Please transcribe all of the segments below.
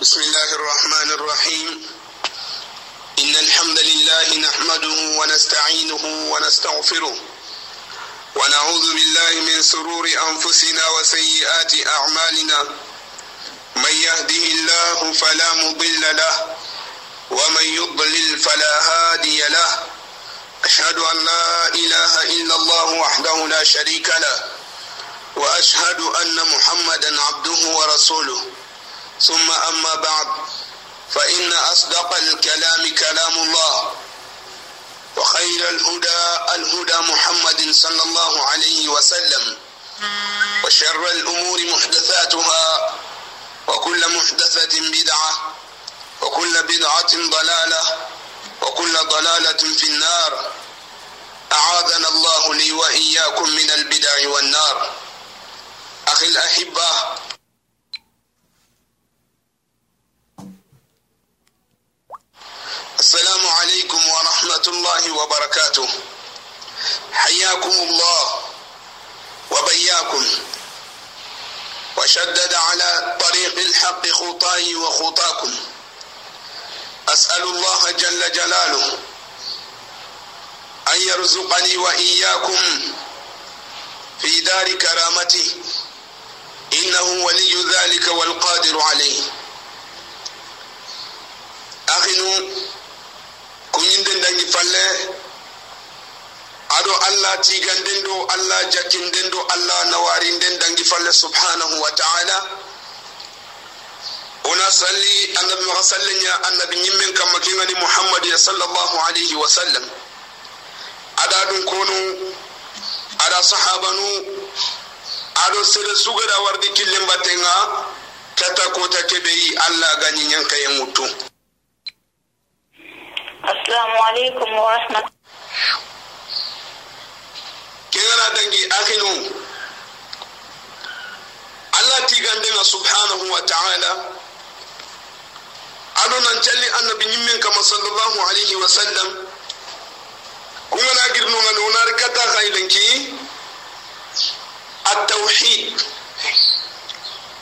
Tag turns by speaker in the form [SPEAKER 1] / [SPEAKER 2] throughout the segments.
[SPEAKER 1] بسم الله الرحمن الرحيم إن الحمد لله نحمده ونستعينه ونستغفره ونعوذ بالله من سرور أنفسنا وسيئات أعمالنا من يهده الله فلا مضل له ومن يضلل فلا هادي له أشهد أن لا إله إلا الله وحده لا شريك له وأشهد أن محمدا عبده ورسوله ثم أما بعد فإن أصدق الكلام كلام الله وخير الهدى الهدى محمد صلى الله عليه وسلم وشر الأمور محدثاتها وكل محدثة بدعة وكل بدعة ضلالة وكل ضلالة في النار أعاذنا الله لي وإياكم من البدع والنار أخي الأحبة السلام عليكم ورحمة الله وبركاته حياكم الله وبياكم وشدد على طريق الحق خطاي وخطاكم أسأل الله جل جلاله أن يرزقني وإياكم في دار كرامته إنه ولي ذلك والقادر عليه أخنوا kuñinɗen dangi falle ado allah tiganɗen ɗo allah jakkinɗen ɗo allah nawarinɗen dangi falle subhanahu wa taala ona salli annabi maga salleña annabi ñimmen kamma kegani muhammad ya sallallahu alayhi wa sallam ada dun kono ada sahabanu ado sere sugaɗa wardi kille mbattenga kata kota keɓeyi allah gañiñankaye ŋuttu assalamu alaikum wa rahmatullahi kegana dangi akinu allah tigandena subhanahu wa taala aɗo nan calli annabi ñimmen kama sallllahu alayhi wa sallam kungana girnoga no wonari kata haylenki attawhid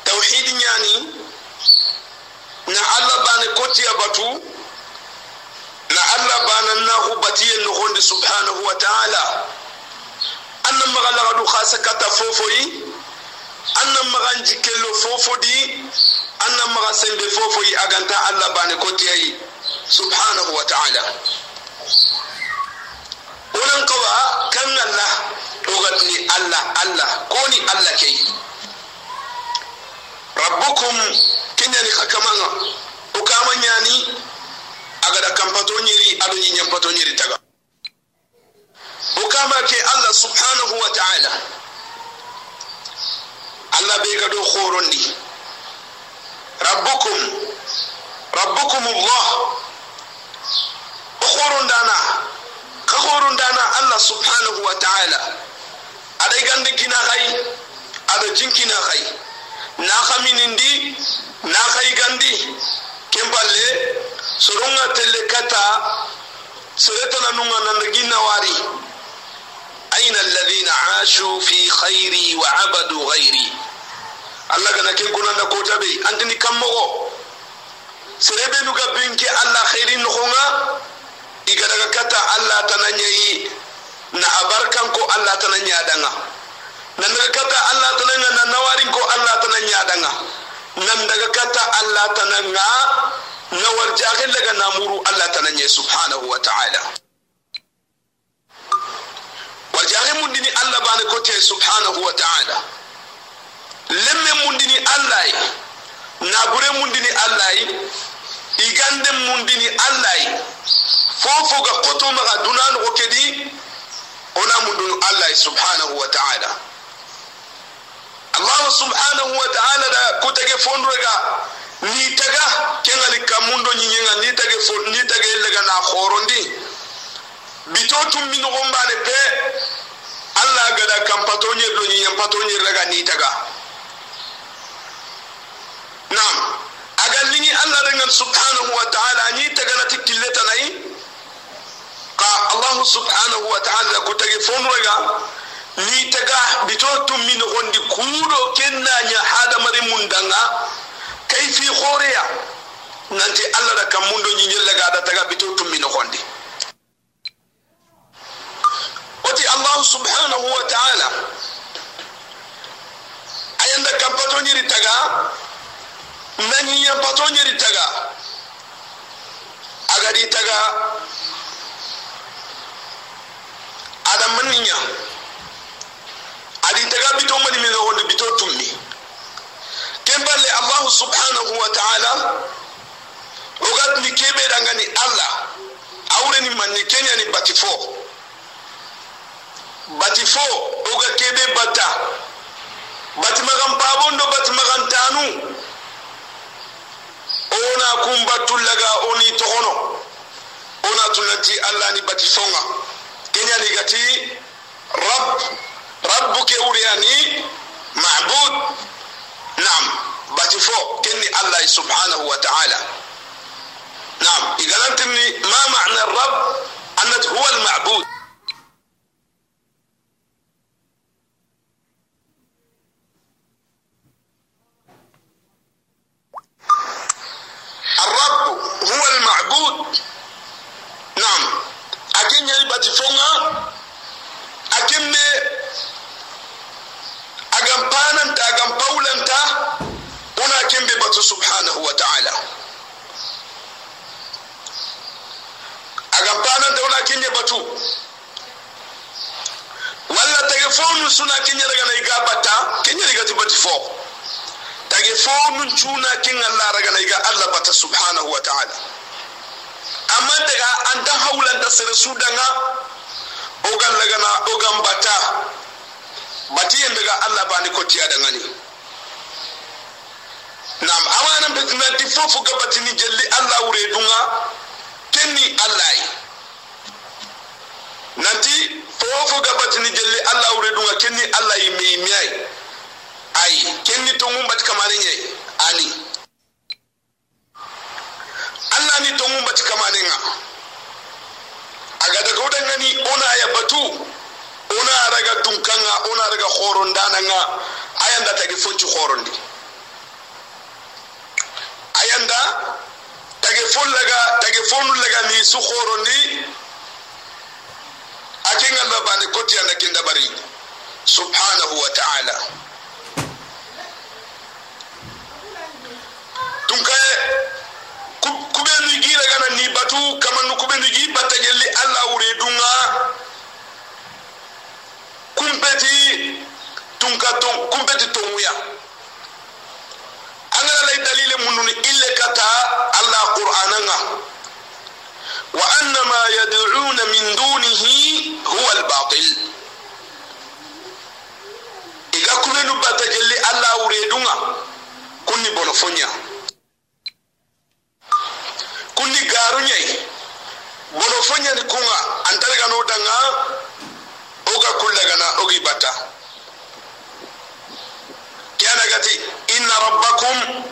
[SPEAKER 1] tawhid ñani na allah bane kotiya batu allah banannaku batiyen nogondi subhanahu wa taala anna maga lagadu khasa kata fofoyi anna maga njikkello fofodi anna maga sembe fofoyi aganta allah bane kotiyayi subhanahu wa taala onan kawa kan allah ogatni allah allah koni allah kei rabbukum kenyani hakamanga okamanyani agada kampato nyeri ado nyampato nyeri taga okama ke allah subhanahu wa ta'ala allah be gado khorondi rabbukum rabbukum allah khorondana ka khorondana allah subhanahu wa ta'ala aday gande kina khay ada jinkina khay na ndi na khay gandi kemballe soronga telle kata seretana nunga nandagina wari أين الذين عاشوا في خيري وعبدوا غيري الله كنا كن كنا نقول جبي أنت نكمل سربي نوكا بينك الله خير نخونا إذا كتا الله تنانيي نأبركنكو الله تنانيي أدنا نندك كتا الله تنانيي ننوارنكو الله تنانيي أدنا نندك كتا الله تنانيي na warjagen laga namuru allah tananye subhanahu wa ta'ala warjagen mundini allah bane kote subhanahu wa ta'ala lemme mundini allah nagure mundini allah igande mundini allah fofo ga koto maga dunan ko kedi ona mundunu allah subhanahu wa ta'ala allah subhanahu wa ta'ala da kutage fondurega nitaga kengali kamundo nyinyenga nitage nitage lega na khorondi bito tum min pe alla gada kam patonye do nyinyen patonye lega nitaga nam aga lingi alla dengan subhanahu wa ta'ala ni tagana tikilleta nai ka allah subhanahu wa ta'ala ko tage fonu rega ni taga bito tum min gondi kudo kenna nya hadamare mundanga kayfi horiya nanti alla da kam mundo da taga bito tummi noxondi oti allahu subhanahu wa taala ayanda kam bato ñiri taga nañiña bato ñiri taga agadi taga adamaniña adi taga bito mani mi noxondi bito tummi kembale allahu subhanahu wa taala ogatini keɓeɗangani allah awreni manni keñani bati fo bati fo oga keɓe batta bati magan paɓon ɗo bati magan tanu ona kun battullaga oni togono ona tunati allah ni bati fonga keñani gati rab rabbu ke wuriyani mabud nam bati fo kenni allah subhanahu wa ta'ala naam إذا ma ma'na معنى الرب huwa al-ma'bud suna kinyar ga nai gabata kinyar ga tibati fo tage fo nun cuna kin Allah raga nai ga Allah bata subhanahu wa ta'ala amma daga an da haulan da sir su danga ogan lagana ogan bata batiyan daga Allah ba ni kotiya danga ne nam amanan da nanti fofu gabati ni jalli Allah wure dunga kenni Allah yi nanti fofo gabatini jelli allah wuredunga kenni allah ye meimiyay ayi kenni tongun bati kamane ñayi ani allah ni tongun bati kamane nga aga daga wudangani ona aya batu ona raga dunkanga ona araga horondananga ayanda tagi fonci horondi ayanda tage fon laga tage fonu laga ni su horondi akengamba bane kotyana genda baringa subhanahu wa taala ɗum kaye kuɓenu jiragana ni batu kamannu kuɓenu ji battagelli alla wure dunga kumpeti tunka ton kumpeti tonguya angana lay dalile mununu ille kata alla qur'ana nga wa anna ma yad'una min dunihi huwa al-batil igakumenu batajelli alla uredunga kunni bonofonya kunni garunyai ni kunga antarigano danga oga na ogi bata gati inna rabbakum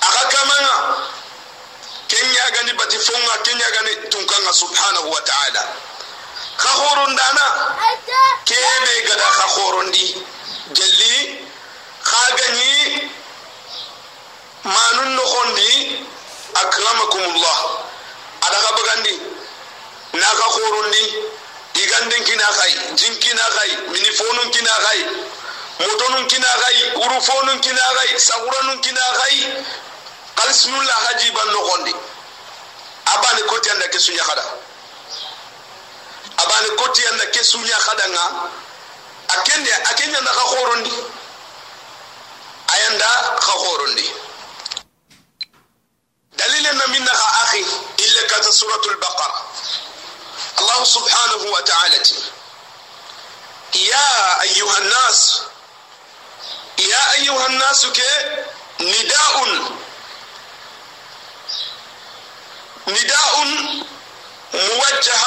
[SPEAKER 1] aga kamanga kenya gani bati fonga kenya gani tunkanga subhanahu wa ta'ala khahorun dana kebe gada khahorun di jalli khagani manun nohondi akramakumullah adaga bagandi na khahorun di igandin kina kai jinkina kai minifonun kina kai motonun kina kai urufonun kina kai saguranun kina kai alisinulla haji ban nogondi abani koti anda ke sunya khada abani koti anda ke sunya khada nga akende akenya na khorondi ayanda khorondi دليلنا منها أخي إلا كذا سورة البقرة الله سبحانه وتعالى يا أيها الناس يا أيها الناس نداء نداء موجه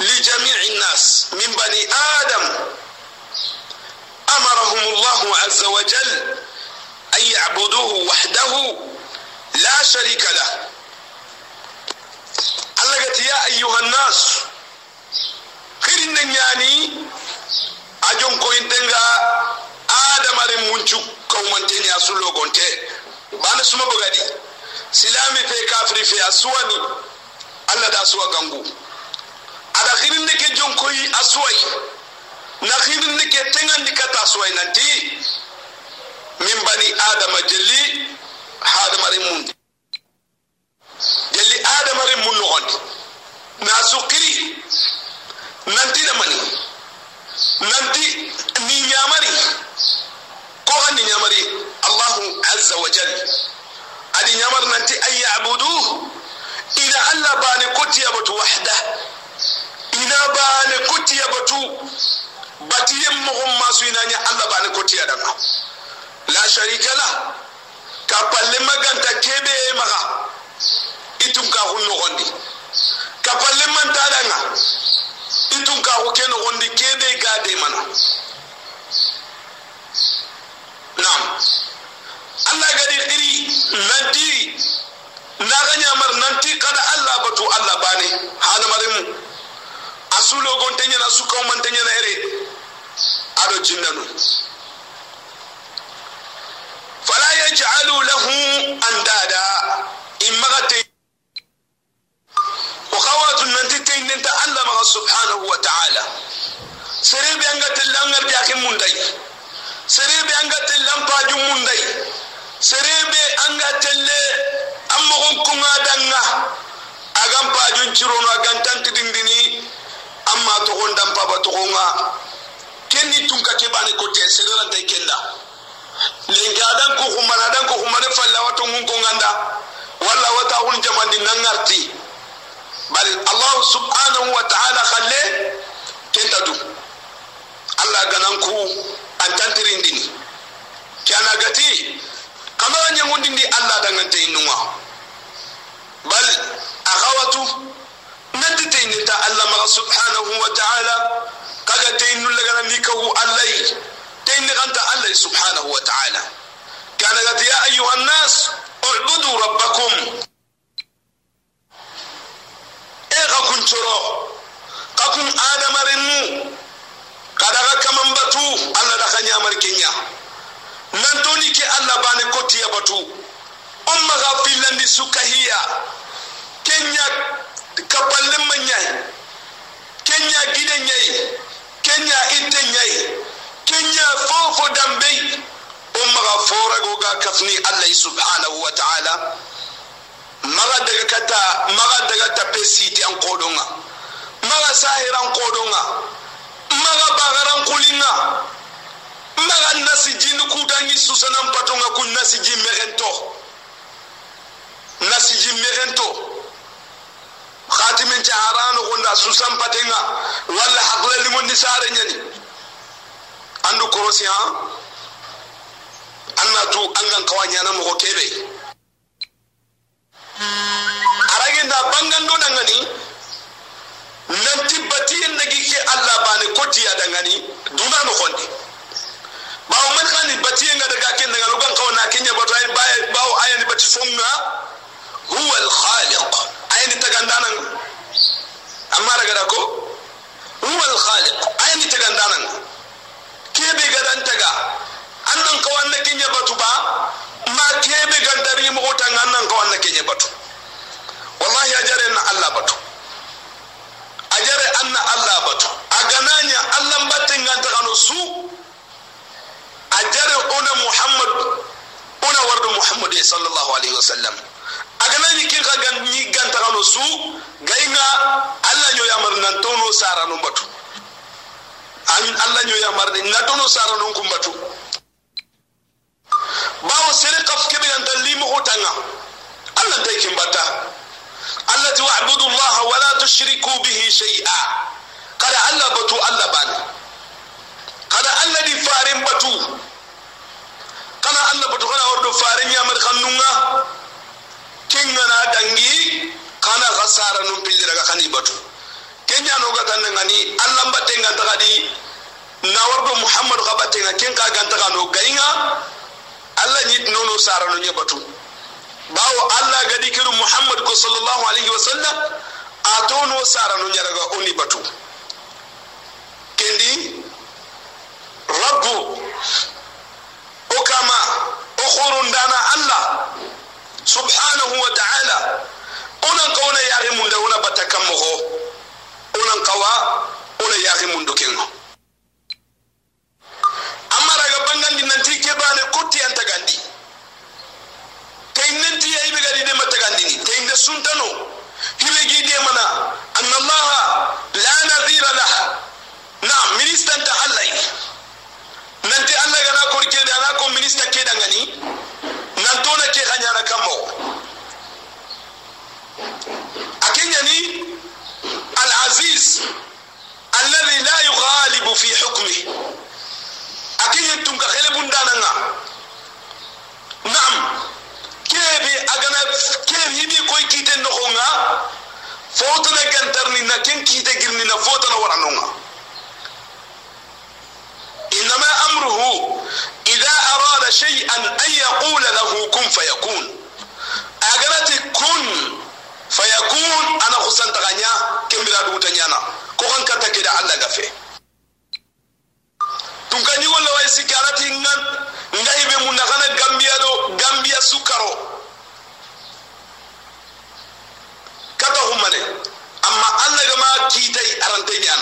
[SPEAKER 1] لجميع الناس من بني آدم أمرهم الله عز وجل أن يعبدوه وحده لا شريك له قالت يا أيها الناس خيرن يعني أجون كوين تنغا آدم المنشوك كومنتين يا سلوغون تي بانا سمبغادي silami fe kafiri fe a suwani allah da suwa gangu ada xirinde ke jonkoyi a suwayi na xirinde ke tengandi kata suwayi nanti min bani adama jelli hadamari mundi jelli adamari mun noxondi na suqiri nanti damani nanti ni ñamari ko xandi ñamari allahu azza wa jalla adi ñamar nanti an yabuduhu ina allah bane kottiya batu wahda ina bane kottiya batu batiyen mohon masu inaña allah bane kottiya ɗanga la sharika la ka maganta keɓe maga itum ka hun nogondi ka palle mantaɗanga itum ka hu ke nogondi gade mana nam allah gadi diri nanti ndaga ñamar nanti kada allah batu allah bane hanamaremu asulogon teñana sukawman teñana ere aɗo jinnanu fala yajcalu lahu andada immaga te o kawatu nanti teynenta allah maga subhanahu wa taala serebe angatella angardi akin munday serebe angatella ampaju munday serebe an ga telle an mogon kuma danga agan pajun cirono agan tantidindini an ma togon danpaba togonga kenni tunka kebane kote ta kenda lenke adan ko xumana adan ko xumane falla wato ngun konganda walla wata xun nan arti bal allahu subhanahu wa taala khalle kenta du allah ku an tantirindini kana gati kama nyangundi ndi alla dangante inuwa bal agawatu nanti teyninta alla maga subhanahu wa ta'ala kaga teynu lagana nikahu allai teyni ganta allai subhanahu wa ta'ala kana gati ya ayuha nas u'budu rabbakum ega kunchoro kakun adamarinu kadaga kamambatu alla da kanyamar kenya nantoni ke allah bane kotiya batu on maga fillandi sukahiya kenya kapalle ma ñayi kenya gide ñayi kenya itte ñayi kenya fofo dambey on maga foragoga kafni allah subhanahu wa taala maga daga kata maga daga tappe siti an koɗonga maga sahiran koɗonga maga bagaran kulinga maxa nasi jini kudangi susana mpatonga kun nasi ji merento nasi ji merento khatimin ci harano susan patenga walla hakla lingon ni sare nyani andu korosi an anna tu angan kawanya na mo kebe aragenda bangando dangani nanti batiyen nagi ke alla bane kotiya dangani duna no bawo man khani batiye nga daga ken daga lugan kawna kenya bato ay bawo ayani bati funga huwa al khaliq ayani tagandanan amma daga da ko huwa al khaliq ayani tagandanan kebe gadan taga annan kawan na kenya batu ba ma kebe gandari mu utan annan kawan na kenya batu wallahi ajare na allah a ajare anna allah batu agananya allah batin ganta kanu su ajare una muhammad una wardu muhammad sallallahu alaihi wasallam agana ni kin kagan ni ganta kanu su gainga allah nyo yamar nan tono sara no batu an allah nyo yamar ni na tono sara no kumbatu bawo sere kaf kebe yanta limu hotanga allah tay kin bata allah ti wa'budu allah wa la tushriku bihi shay'a qala allah batu allah bani kada allah di faren batu kana allah batu kana orɗo fare ñamar kannunga kengana dangi kana ka sara num pilliraga kani batu keñanoga ganna ngani allah mbattengan tagaɗi na warɗo muhammadu ka battenga ken ka no gayinga alla ñit nono sarano ñe batu bawo allah gadi kiru muhammadu ko sallllahu alayhi wasallam sallam a tono sarano ñaraga oni batu kendi rabbu o kama o horundana allah subhanahu wa taala onan ka wona yahi munde wona batta kammoho onan kawa wona yahi mundu kengo amma raga bangandi nanti kebane kotti an tagandi tey nanti yayiɓe gadi dema tagandini tey nde suntano hiɓe giidemana allaha la nadira lah na ministanta allahy nanti allah gana kor keɓe ana ko minista keɗangani nantona ke xañana kam moxo a keñani al aziz alladhi la yugalibu fi hukmih a keñen tunka xele bundananga naam keɓe agana keɓe hiɓi koy kiiten noxonga fotana na ken kite kiite na fotana waranonga إنما أمره إذا أراد شيئا أن يقول له كن فيكون أجرت كن فيكون أنا خسنت غنيا كم بلا دوت نيانا كون كتا كدا الله غفي تنكني ولا ويسي كارتي نان نهي بمنغانا غامبيا دو غامبيا سكرو كتا هم مني أما الله غما كيتاي أرانتي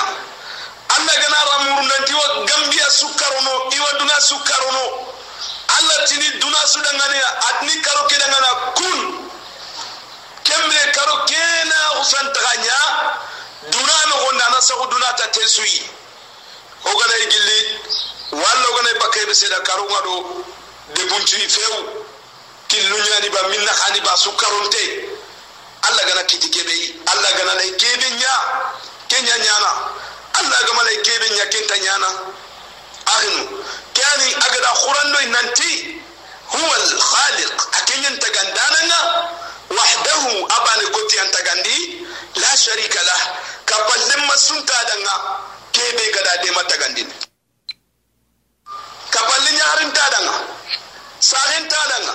[SPEAKER 1] anna gana ramurundantiwa gambiya sukkarono iwa duna sukkarono allah tini duna sudanganiya atini karo kedangana kun kembe karo kena husantaga ɲa duna nogonda ana sago duna ta te suyi gana i gilli gana i bakka ibe seda karunga do debuntui fewu killuñani ba minna hani ba sukkaronte allah gana kiti keɓeyi allah gana lay keɓe ña ke ña allah ga malai kebin yakin ta nyana ahinu kani agada khurando nanti huwa al-khaliq akinyin na wahdahu abani goti an tagandi la sharika la kapallin masunta danga kebe gada de ka kapallin yarin ta danga sahin ta danga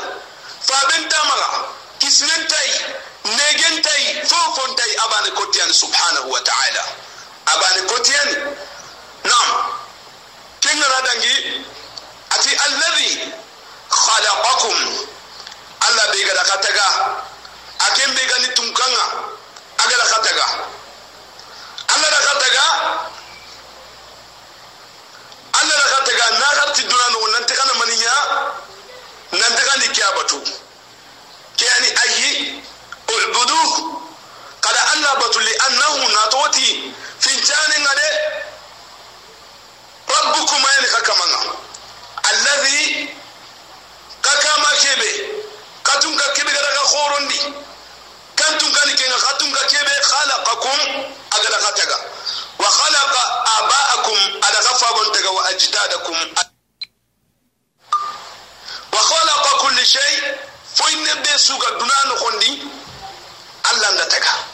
[SPEAKER 1] fabin ta maga kisnin tai negen tai fofon tai abani goti an subhanahu wa ta'ala abani kotiyen nam kinga radangi ati alladhi khalaqakum alla be gada kataga akem be gani tunkanga agada kataga alla da kataga alla da kataga na gatti dunano nan ta kana maninya nan ta kana batu kiyani ayi ulbudu kada alla batu li annahu natoti finchani ngade rabbukum ayni kakamanga alladhi kakama kebe katun ka kebe gada ka khorondi kantun kani kenga katun ka kebe khalaqakum agada kataga wa khalaqa aba'akum ada kafagon taga wa ajdadakum wa khalaqa kulli shay foyne be suga dunano kondi allah ndataga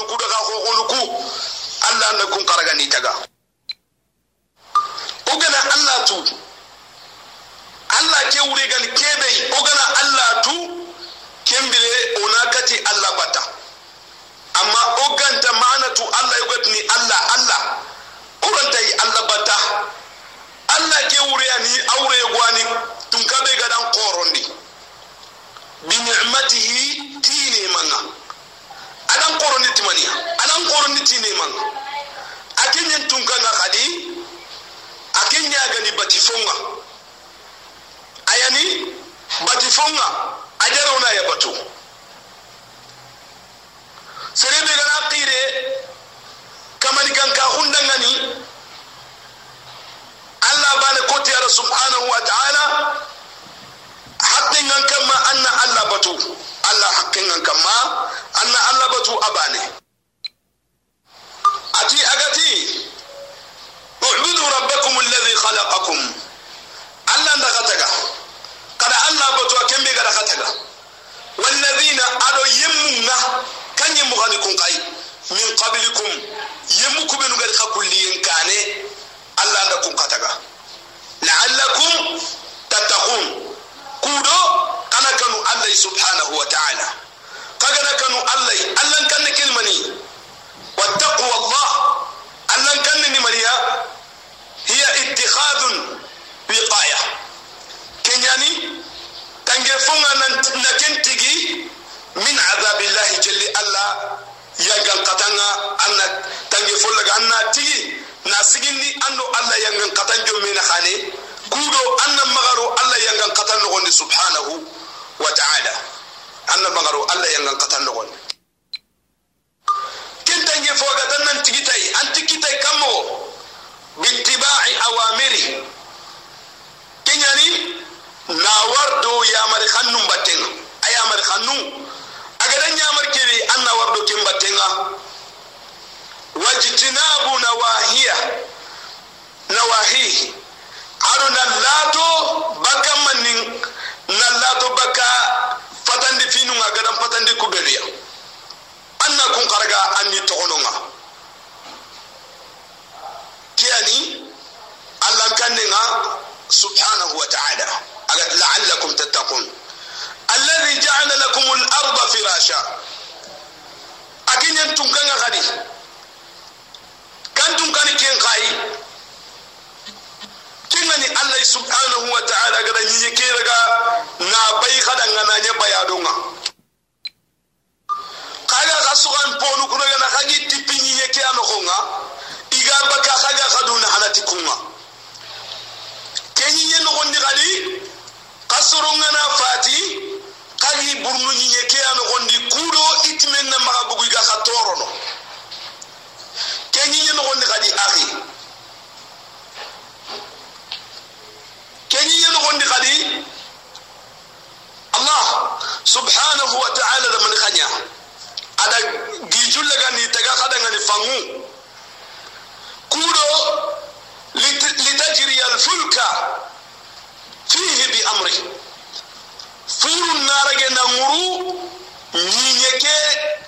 [SPEAKER 1] daga kudaga hohonuku allah na kun karaga ni taga ogana allah tu allah ke wure gal ke keɓey ogana allah tu kembire onakati allah bata amma oganta tu allah ya gwatni allah allah yi allah bata allah ke wure aure gwani tun kaɓe gadan korondi bi ni'matihi tine manga alan koron ni timaniya alan koron ni tine man akin yin tunka na kadi akin ya gani batifonga ayani batifonga ajarauna ya batu sere be gana qire kamani kan ka hundangani allah bane kote ala subhanahu wa ta'ala haqqin kan kama anna allah batu allah haqqin kan kama anna alla batu abane ati agati ubudu rabbakum alladhi khalaqakum alla ndakataga kada anna batu akembe gada kataga walladhina ado yemmunga kanye mugani kunkai min qablikum yemmu kubenu gada kakulliyen kane alla ndakun kataga la'allakum tattaqun kudo kana kanu allah subhanahu wa ta'ala kagana kanu allah allah kanni kilmani wattaqu allah allah kanni ni mariya hiya ittikhadun wiqaya kenyani tange funga na kentigi min adabillahi jalli allah
[SPEAKER 2] yagan katanga
[SPEAKER 1] anna tange fulaga anna tigi na sigindi ando allah yangan katan jommina hane kuɗo annan magaro allah yangan katan nogondi subhanahu wa ta'ala anna bangaro alla yangan katan dogon kenta nge foga tan nan tigitai anti kitai kammo bittiba'i awamiri kenyani na wardo ya mari khannum batenga aya mari khannu aga dan ya mari kiri anna wardo kin batenga wajtinabu nawahiya nawahihi aro nan lato baka manin nan lato baka fatandi finu nga gadan fatandi kubeliya anna kun karga anni tokono nga kiyani allan kanne nga subhanahu wa ta'ala agat la'allakum tattaqun alladhi ja'ala lakum al-ardha firasha akinyan tunkanga gadi kan tunkani ken ngani allah subhanahu wa ta'ala gada nyinyi kiraga na bai kada ngana nya bayadonga kaga kasukan ponu kuna gana kagi tipinyi yake anokonga igaba ka kaga kaduna hanati kunga kenyi yeno kondi kali kasurunga na fati kagi burnu nyi yake anokondi kudo itimen na makabugu iga katorono kenyi yeno kondi kali akhi من خلي الله سبحانه وتعالى من خنيا ada gijul laga ni taga kada ngani fangu kudo litajri alfulka fihi bi amri furu narage na nguru nyike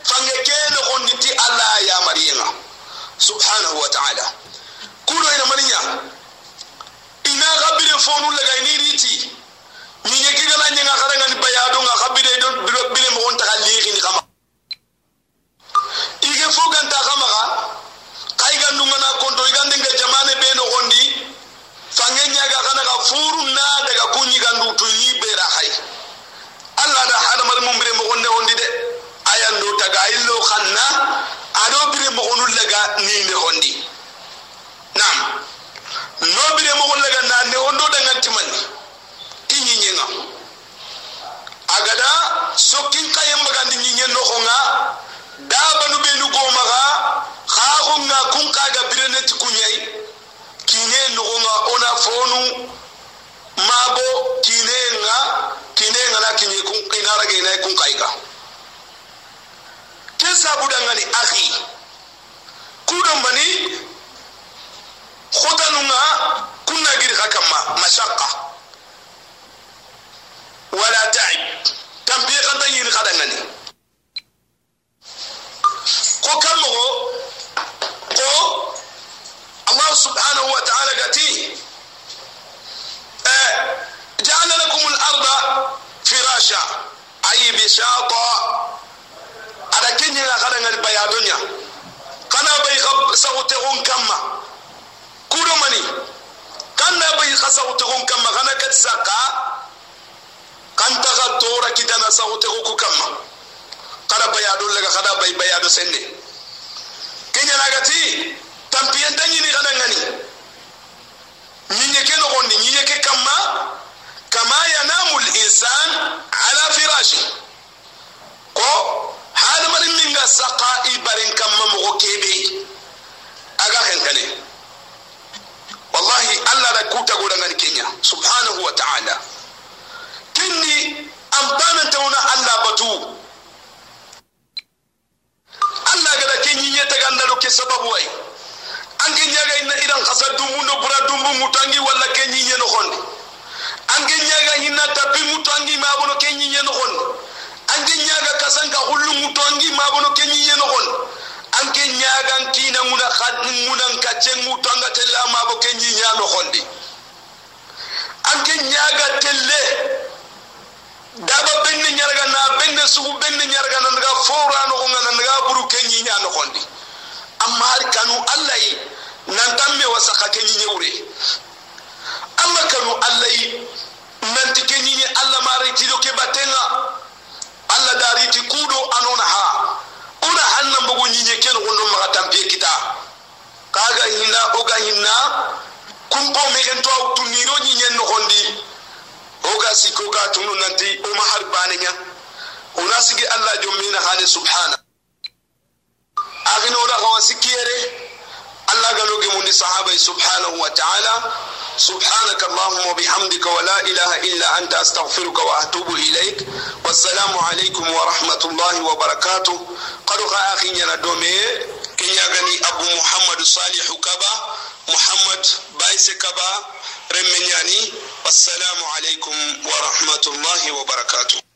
[SPEAKER 1] fangeke no oniti ala ya mariyana subhanahu wa ta'ala kudo ina maninya inna khabire fonu laga ni riti ni yeki gala nyanga karanga ni bayado nga do don bile mo on taka legi ni kama ige fogan ta kama ka kai gandu e na konto igande e nga jamane be no e gondi fange nyaga kana ka furu na daga kunyi gandu to ni be ra hay alla da hada mar mum bire mo gonde gondi de ayan do taga illo khanna ado bire mo onul laga ni ne gondi nam lobire mo gonlaga nande on do dangan timani inyi nyinga agada sokin kayem bagandi nyinyen no khonga da banu benu gomaga khakhunga kun kaga bireneti kunyai kine no khonga ona fonu mabo kine nga kine nga na kinye kun kinara ge na kun kaiga kesa budangani akhi kudon bani خطننا كنا غير كما مشقة ولا تعب تنبيه غدا يري غدا ko kan mogo ko allah subhanahu wa ta'ala gati ja'alna lakum al-arda firasha ay bishata ada kenya la kada ngal bayadonya kana bay khab sawte on kamma kudo mani kan na bai kasa utukun kan magana kat saka kan ta ga tora kidana sa utukun ku kan ma kada bayado laga kada bai bayado senne kenya nagati tampiyen danyini kada ngani ñiñeke noxondi ñiñeke kamma kama yanamu linsan ala firashi ko hadamarin minga saqa i baren kamma moxo keɓe aga xenkane ngani kenya subhanahu wa ta'ala kinni ambanan tauna allah batu allah gada kenyi ya taga allah ke sababu wai an kenya ina idan hasad dumu no bura dumbu mutangi wala kenyi ya no hondi an kenya ga ina tapi mutangi ma bono kenyi ya no hondi an kenya ga kasanga hullu mutangi ma bono no hondi an kenya ga kina nguna khadnu nguna mutanga tella ma bo no hondi anke ñaga telle daba benne ñarga na benne sugu benne ñarga na ndaga fowra no ko ngana ndaga buru kenyi ñano kondi amma har kanu allahi nan tamme wasaka kenyi ñewre amma kanu allahi nanti kenyi ñe alla mari tido ke batenga allah dari ti kudo anona ha una hanna mbugo ñi ñe ken gondo maga tampiye kita kaga hinna oga hinna kumbo megen to autu niro nyen no gondi oga siko ga tunu nanti o ma har banenya na sigi allah jomina hane subhana agino ora ko sikiyere allah galoge mundi sahaba subhanahu wa ta'ala سبحانك اللهم وبحمدك ولا إله إلا أنت أستغفرك وأتوب إليك والسلام عليكم ورحمة الله وبركاته قالوا أخي ينا دومي كن أبو محمد صالح كبا محمد كبا رمنياني والسلام عليكم ورحمة الله وبركاته